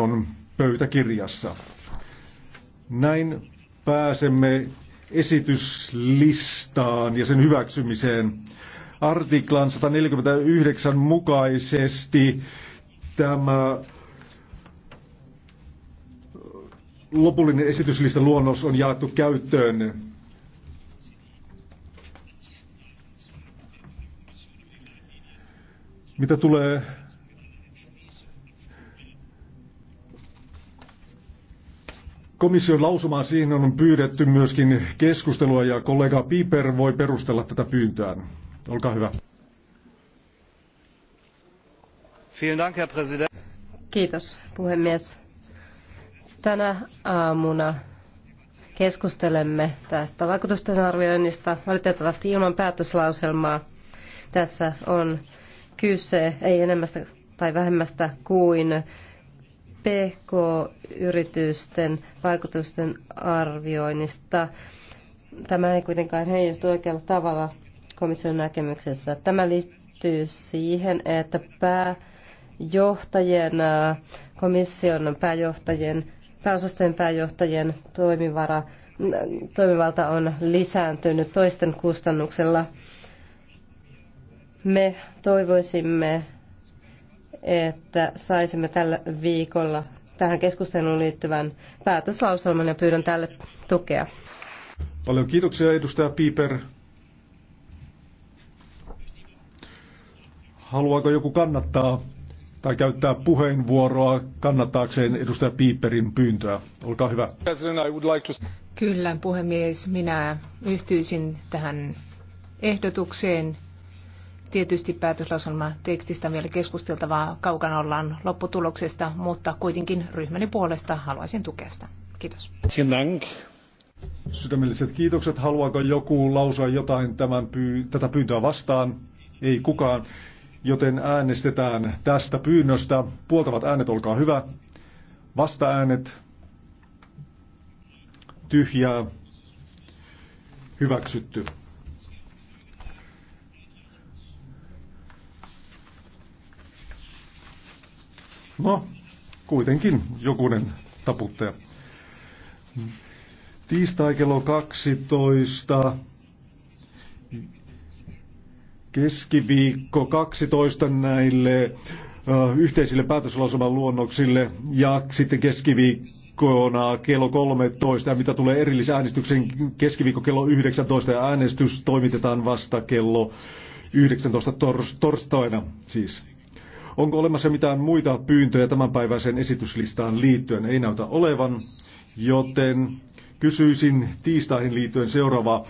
On pöytäkirjassa. Näin pääsemme esityslistaan ja sen hyväksymiseen. Artiklan 149 mukaisesti tämä lopullinen esityslistan luonnos on jaettu käyttöön. Mitä tulee komission lausumaan siihen on pyydetty myöskin keskustelua ja kollega Piper voi perustella tätä pyyntöään. Olkaa hyvä. Kiitos puhemies. Tänä aamuna keskustelemme tästä vaikutusten arvioinnista valitettavasti ilman päätöslauselmaa. Tässä on kyse ei enemmästä tai vähemmästä kuin PK-yritysten vaikutusten arvioinnista. Tämä ei kuitenkaan heijastu oikealla tavalla komission näkemyksessä. Tämä liittyy siihen, että pääjohtajien, komission pääjohtajien, pääosastojen pääjohtajien toimivara, toimivalta on lisääntynyt toisten kustannuksella. Me toivoisimme että saisimme tällä viikolla tähän keskusteluun liittyvän päätöslauselman ja pyydän tälle tukea. Paljon kiitoksia edustaja Piper. Haluaako joku kannattaa tai käyttää puheenvuoroa kannattaakseen edustaja Piperin pyyntöä? Olkaa hyvä. Kyllä, puhemies. Minä yhtyisin tähän ehdotukseen Tietysti päätöslauselma tekstistä vielä keskusteltavaa, kaukana ollaan lopputuloksesta, mutta kuitenkin ryhmäni puolesta haluaisin tukea sitä. Kiitos. Sydämelliset kiitokset. Haluaako joku lausua jotain tämän pyy- tätä pyyntöä vastaan? Ei kukaan. Joten äänestetään tästä pyynnöstä. Puoltavat äänet, olkaa hyvä. Vasta-äänet. Tyhjää. Hyväksytty. No, kuitenkin jokunen taputtaja. Tiistai kello 12. Keskiviikko 12 näille äh, yhteisille päätöslausuman luonnoksille ja sitten keskiviikkona kello 13 ja mitä tulee erillisäänestyksen keskiviikko kello 19 ja äänestys toimitetaan vasta kello 19 tors, torstaina siis. Onko olemassa mitään muita pyyntöjä tämänpäiväiseen esityslistaan liittyen? Ei näytä olevan, joten kysyisin tiistaihin liittyen seuraavaa.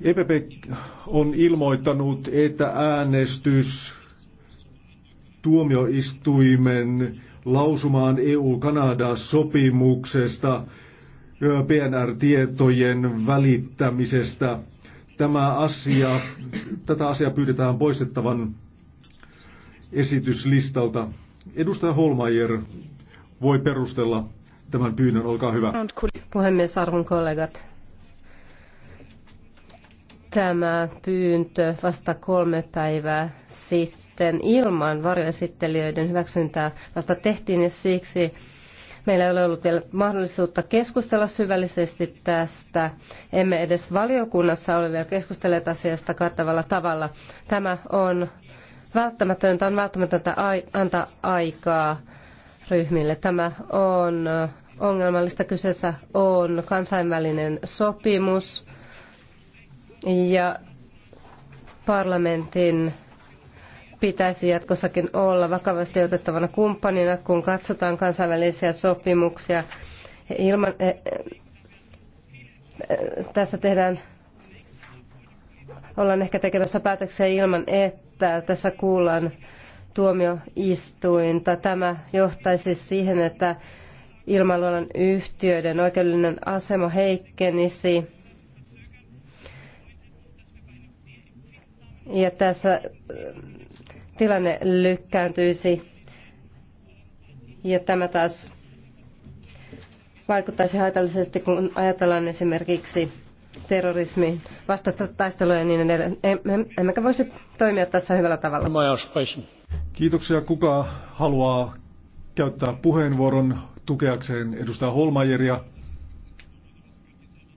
EPP on ilmoittanut, että äänestys tuomioistuimen lausumaan EU-Kanada-sopimuksesta PNR-tietojen välittämisestä. Tämä asia, tätä asiaa pyydetään poistettavan esityslistalta. Edustaja Holmaier voi perustella tämän pyynnön. Olkaa hyvä. Puhemies, arvon kollegat. Tämä pyyntö vasta kolme päivää sitten ilman varjoesittelijöiden hyväksyntää vasta tehtiin ja siksi meillä ei ole ollut vielä mahdollisuutta keskustella syvällisesti tästä. Emme edes valiokunnassa ole vielä keskustelleet asiasta kattavalla tavalla. Tämä on välttämätöntä, on välttämätöntä antaa aikaa ryhmille. Tämä on ongelmallista. Kyseessä on kansainvälinen sopimus ja parlamentin pitäisi jatkossakin olla vakavasti otettavana kumppanina, kun katsotaan kansainvälisiä sopimuksia. Ilman, e, e, e, tässä tehdään ollaan ehkä tekemässä päätöksiä ilman, että tässä kuullaan tuomioistuinta. Tämä johtaisi siihen, että ilmailualan yhtiöiden oikeudellinen asema heikkenisi. Ja tässä äh, tilanne lykkääntyisi. Ja tämä taas vaikuttaisi haitallisesti, kun ajatellaan esimerkiksi terrorismi vastaista taistelua ja niin edelleen. Emmekä voisi toimia tässä hyvällä tavalla. Kiitoksia. Kuka haluaa käyttää puheenvuoron tukeakseen edustaja Holmajeria?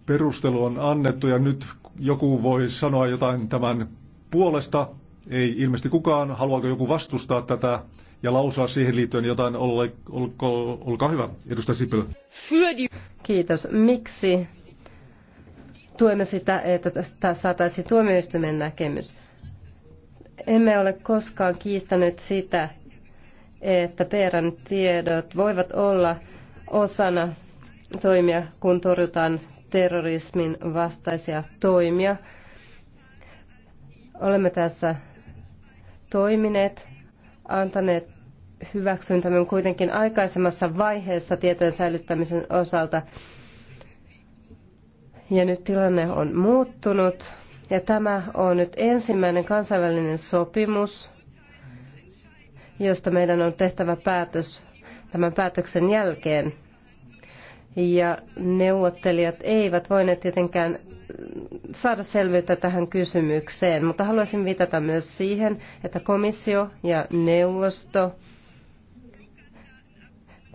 Perustelu on annettu ja nyt joku voi sanoa jotain tämän puolesta. Ei ilmeisesti kukaan. Haluaako joku vastustaa tätä ja lausua siihen liittyen jotain? olkaa hyvä, edustaja Sipilä. Kiitos. Miksi tuemme sitä, että saataisiin tuomioistuimen näkemys. Emme ole koskaan kiistäneet sitä, että perän tiedot voivat olla osana toimia, kun torjutaan terrorismin vastaisia toimia. Olemme tässä toimineet, antaneet hyväksyntämme kuitenkin aikaisemmassa vaiheessa tietojen säilyttämisen osalta ja nyt tilanne on muuttunut. Ja tämä on nyt ensimmäinen kansainvälinen sopimus, josta meidän on tehtävä päätös tämän päätöksen jälkeen. Ja neuvottelijat eivät voineet tietenkään saada selvyyttä tähän kysymykseen, mutta haluaisin viitata myös siihen, että komissio ja neuvosto,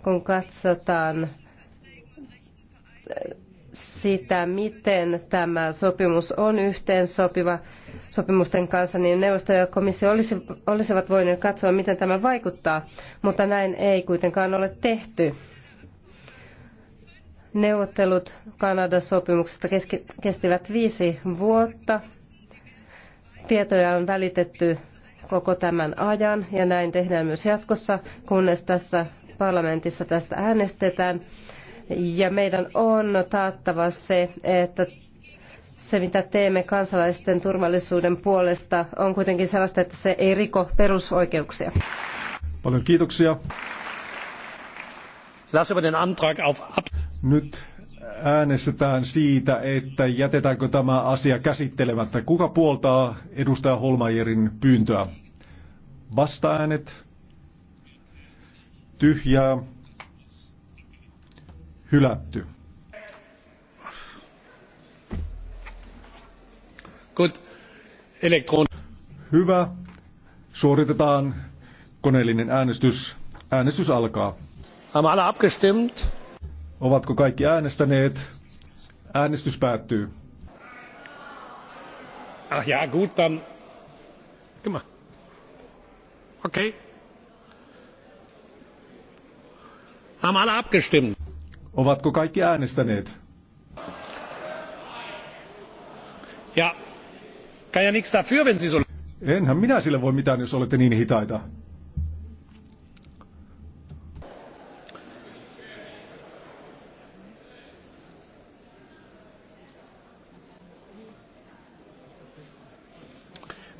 kun katsotaan sitä, miten tämä sopimus on yhteensopiva sopimusten kanssa, niin neuvosto ja komissio olisi, olisivat voineet katsoa, miten tämä vaikuttaa, mutta näin ei kuitenkaan ole tehty. Neuvottelut Kanadan sopimuksesta kestivät viisi vuotta. Tietoja on välitetty koko tämän ajan ja näin tehdään myös jatkossa, kunnes tässä parlamentissa tästä äänestetään. Ja meidän on taattava se, että se, mitä teemme kansalaisten turvallisuuden puolesta, on kuitenkin sellaista, että se ei riko perusoikeuksia. Paljon kiitoksia. Nyt äänestetään siitä, että jätetäänkö tämä asia käsittelemättä. Kuka puoltaa edustaja Holmajerin pyyntöä? Vastaäänet? Tyhjää? hylätty. Good. Elektron. Hyvä. Suoritetaan koneellinen äänestys. Äänestys alkaa. Haben alle abgestimmt? Ovatko kaikki äänestäneet? Äänestys päättyy. Ach ja, gut, dann. Guck mal. Okay. Haben alle abgestimmt? Ovatko kaikki äänestäneet? Ja, kann ja nichts dafür, wenn Sie Enhän minä sille voi mitään, jos olette niin hitaita.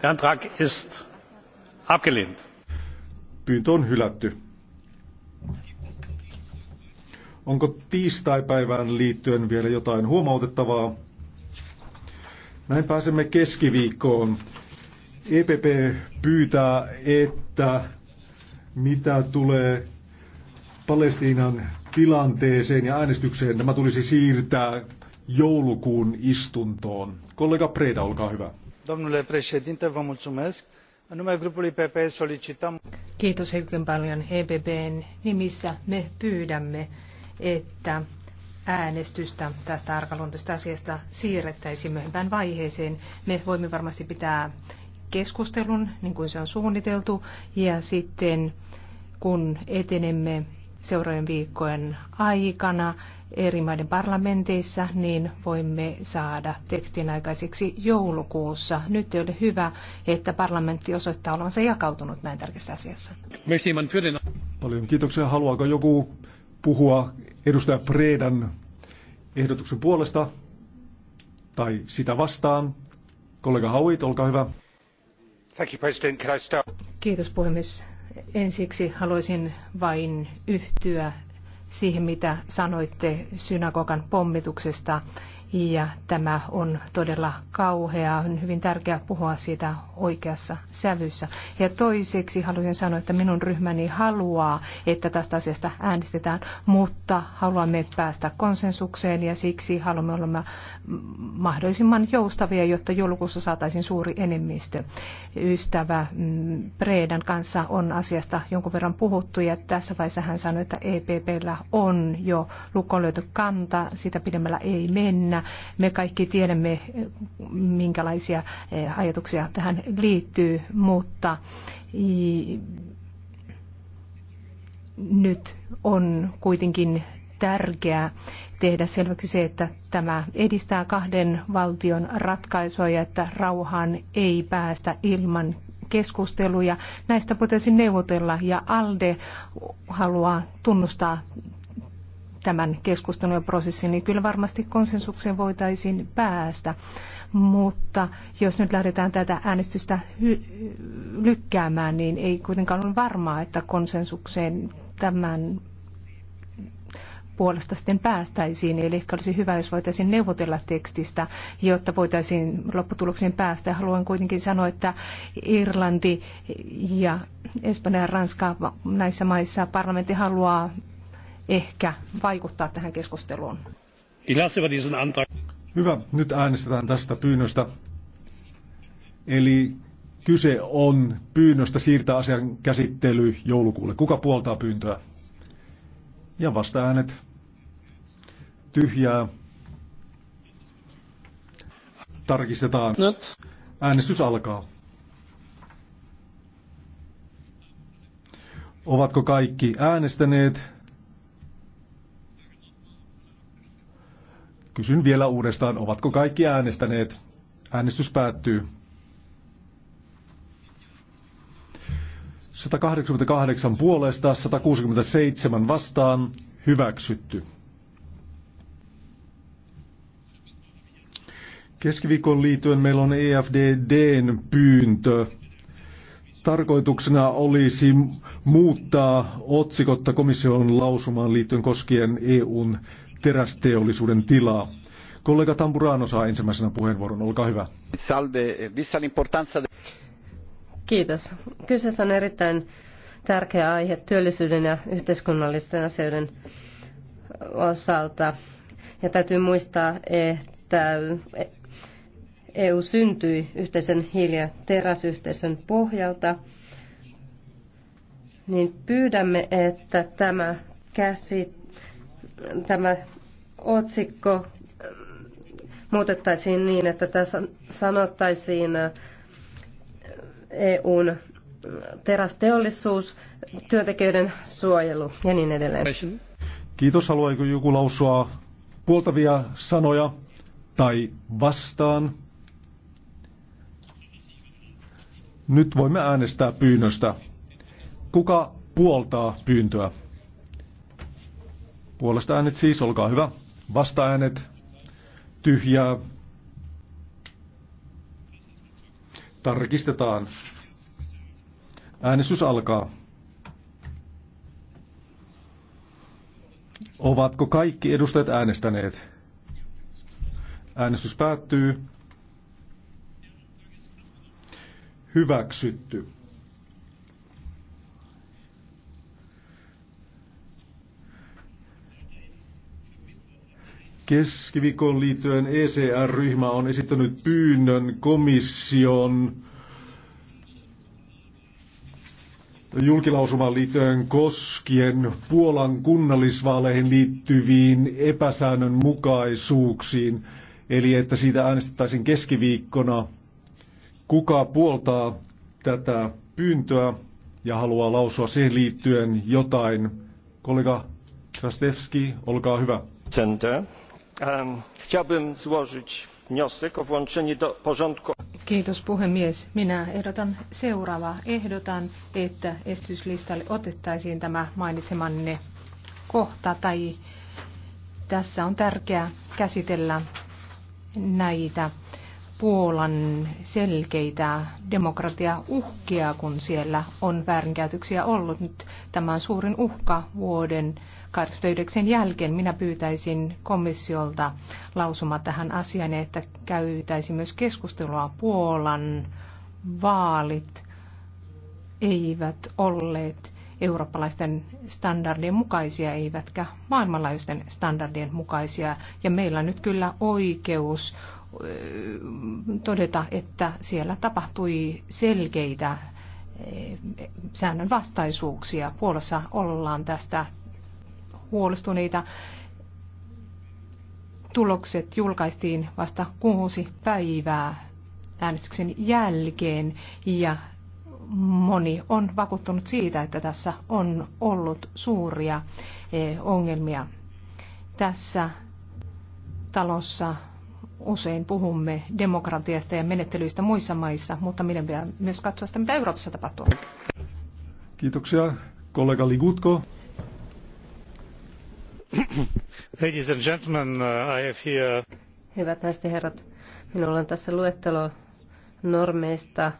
Der Antrag ist abgelehnt. Pyyntö on hylätty. Onko tiistaipäivään liittyen vielä jotain huomautettavaa? Näin pääsemme keskiviikkoon. EPP pyytää, että mitä tulee Palestiinan tilanteeseen ja äänestykseen, tämä tulisi siirtää joulukuun istuntoon. Kollega Preda, olkaa hyvä. Kiitos hyvin paljon EPPn nimissä. Me pyydämme että äänestystä tästä arkaluontoisesta asiasta siirrettäisiin myöhempään vaiheeseen. Me voimme varmasti pitää keskustelun, niin kuin se on suunniteltu, ja sitten kun etenemme seuraavien viikkojen aikana eri maiden parlamenteissa, niin voimme saada tekstin aikaiseksi joulukuussa. Nyt ei ole hyvä, että parlamentti osoittaa olevansa jakautunut näin tärkeässä asiassa. Paljon kiitoksia. Haluaako joku puhua edustaja Preedan ehdotuksen puolesta tai sitä vastaan. Kollega Hauit, olkaa hyvä. Kiitos puhemies. Ensiksi haluaisin vain yhtyä siihen, mitä sanoitte synagogan pommituksesta ja tämä on todella kauheaa. On hyvin tärkeää puhua siitä oikeassa sävyssä. Ja toiseksi haluaisin sanoa, että minun ryhmäni haluaa, että tästä asiasta äänestetään, mutta haluamme päästä konsensukseen ja siksi haluamme olla mahdollisimman joustavia, jotta joulukuussa saataisiin suuri enemmistö. Ystävä mm, Preedan kanssa on asiasta jonkun verran puhuttu ja tässä vaiheessa hän sanoi, että EPPllä on jo lukon löyty kanta, sitä pidemmällä ei mennä me kaikki tiedämme, minkälaisia eh, ajatuksia tähän liittyy, mutta nyt on kuitenkin tärkeää tehdä selväksi se, että tämä edistää kahden valtion ratkaisua ja että rauhaan ei päästä ilman keskusteluja. Näistä voitaisiin neuvotella ja ALDE haluaa tunnustaa tämän keskustelun ja prosessin, niin kyllä varmasti konsensukseen voitaisiin päästä. Mutta jos nyt lähdetään tätä äänestystä lykkäämään, niin ei kuitenkaan ole varmaa, että konsensukseen tämän puolesta sitten päästäisiin. Eli ehkä olisi hyvä, jos voitaisiin neuvotella tekstistä, jotta voitaisiin lopputulokseen päästä. Haluan kuitenkin sanoa, että Irlanti ja Espanja ja Ranska näissä maissa parlamentti haluaa ehkä vaikuttaa tähän keskusteluun. Hyvä, nyt äänestetään tästä pyynnöstä. Eli kyse on pyynnöstä siirtää asian käsittely joulukuulle. Kuka puoltaa pyyntöä? Ja vasta äänet. Tyhjää. Tarkistetaan. Nyt. Äänestys alkaa. Ovatko kaikki äänestäneet? Kysyn vielä uudestaan, ovatko kaikki äänestäneet? Äänestys päättyy. 188 puolesta, 167 vastaan, hyväksytty. Keskiviikon liittyen meillä on EFDDn pyyntö. Tarkoituksena olisi muuttaa otsikotta komission lausumaan liittyen koskien EUn terästeollisuuden tilaa. Kollega Tampurano saa ensimmäisenä puheenvuoron. Olkaa hyvä. Salve. Vissa Kiitos. Kyseessä on erittäin tärkeä aihe työllisyyden ja yhteiskunnallisten asioiden osalta. Ja täytyy muistaa, että EU syntyi yhteisen hiili- ja teräsyhteisön pohjalta, niin pyydämme, että tämä käsittely tämä otsikko muutettaisiin niin, että tässä sanottaisiin äh, EUn terästeollisuus, työntekijöiden suojelu ja niin edelleen. Kiitos. Haluaako joku lausua puoltavia sanoja tai vastaan? Nyt voimme äänestää pyynnöstä. Kuka puoltaa pyyntöä? Puolesta äänet siis, olkaa hyvä. Vasta äänet, tyhjää. Tarkistetaan. Äänestys alkaa. Ovatko kaikki edustajat äänestäneet? Äänestys päättyy. Hyväksytty. Keskiviikkoon liittyen ECR-ryhmä on esittänyt pyynnön komission julkilausumaan liittyen koskien Puolan kunnallisvaaleihin liittyviin epäsäännönmukaisuuksiin, eli että siitä äänestettäisiin keskiviikkona. Kuka puoltaa tätä pyyntöä ja haluaa lausua siihen liittyen jotain? Kollega Krastevski, olkaa hyvä. Center. Chciałbym złożyć wniosek o włączenie do porządku. Kiitos puhemies. Minä ehdotan seuraavaa. Ehdotan, että esityslistalle otettaisiin tämä mainitsemanne kohta tai tässä on tärkeää käsitellä näitä Puolan selkeitä demokratiauhkia, kun siellä on väärinkäytöksiä ollut. Nyt tämä suurin uhka vuoden 2009 jälkeen. Minä pyytäisin komissiolta lausuma tähän asiaan, että käytäisi myös keskustelua Puolan vaalit eivät olleet eurooppalaisten standardien mukaisia, eivätkä maailmanlaajuisten standardien mukaisia. Ja meillä on nyt kyllä oikeus todeta, että siellä tapahtui selkeitä eh, säännönvastaisuuksia. Puolossa ollaan tästä huolestuneita. Tulokset julkaistiin vasta kuusi päivää äänestyksen jälkeen ja moni on vakuuttunut siitä, että tässä on ollut suuria eh, ongelmia. Tässä talossa usein puhumme demokratiasta ja menettelyistä muissa maissa, mutta meidän pitää myös katsoa sitä, mitä Euroopassa tapahtuu. Kiitoksia. Kollega Ligutko. Ladies and gentlemen, uh, I have here... Hyvät naiset ja herrat, minulla on tässä luettelo normeista,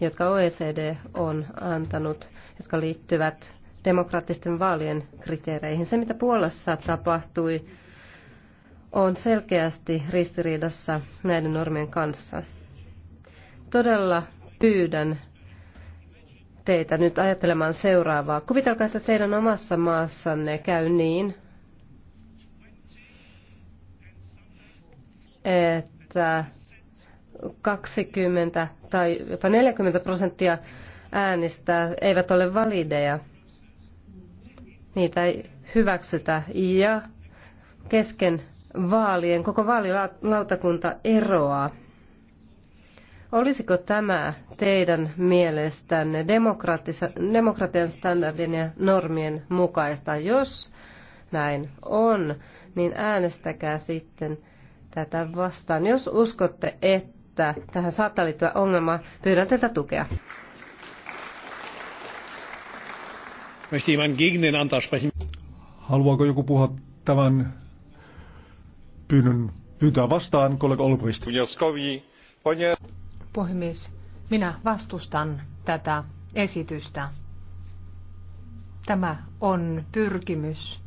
jotka OECD on antanut, jotka liittyvät demokraattisten vaalien kriteereihin. Se, mitä Puolassa tapahtui, on selkeästi ristiriidassa näiden normien kanssa. Todella pyydän teitä nyt ajattelemaan seuraavaa. Kuvitelkaa, että teidän omassa maassanne käy niin, että 20 tai jopa 40 prosenttia äänistä eivät ole valideja. Niitä ei hyväksytä ja kesken vaalien, koko vaalilautakunta eroaa. Olisiko tämä teidän mielestänne demokratian standardin ja normien mukaista? Jos näin on, niin äänestäkää sitten tätä vastaan. Jos uskotte, että tähän saattaa liittyä ongelma, pyydän teiltä tukea. Haluaako joku puhua tämän pyynnön pyytää vastaan kollega Olbrist. Puhemies, minä vastustan tätä esitystä. Tämä on pyrkimys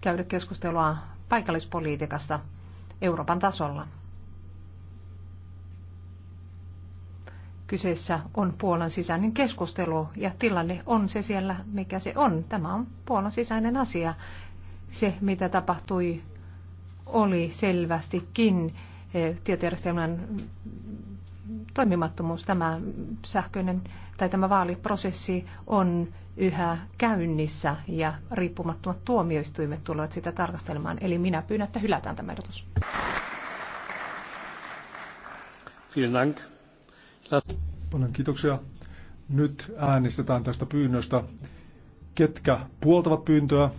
käydä keskustelua paikallispolitiikasta Euroopan tasolla. Kyseessä on Puolan sisäinen keskustelu ja tilanne on se siellä, mikä se on. Tämä on Puolan sisäinen asia. Se, mitä tapahtui oli selvästikin eh, tietojärjestelmän toimimattomuus. Tämä sähköinen tai tämä vaaliprosessi on yhä käynnissä ja riippumattomat tuomioistuimet tulevat sitä tarkastelemaan. Eli minä pyydän, että hylätään tämä ehdotus. Paljon kiitoksia. Nyt äänestetään tästä pyynnöstä. Ketkä puoltavat pyyntöä?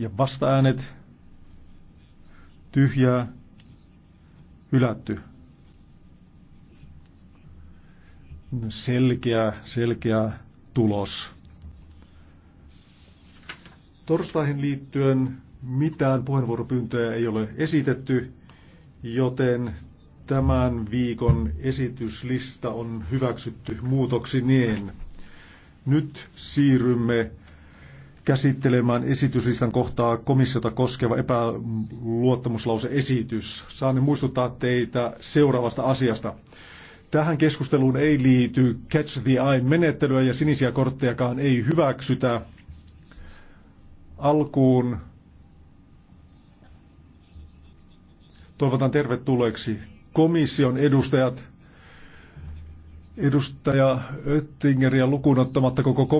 ja vastaäänet tyhjää hylätty. Selkeä, selkeä tulos. Torstaihin liittyen mitään puheenvuoropyyntöjä ei ole esitetty, joten tämän viikon esityslista on hyväksytty muutoksineen. Nyt siirrymme käsittelemään esityslistan kohtaa komissiota koskeva epäluottamuslauseesitys. Saan muistuttaa teitä seuraavasta asiasta. Tähän keskusteluun ei liity catch the eye-menettelyä ja sinisiä korttejakaan ei hyväksytä. Alkuun toivotan tervetulleeksi komission edustajat, edustaja Öttingeriä lukuun ottamatta koko komissio.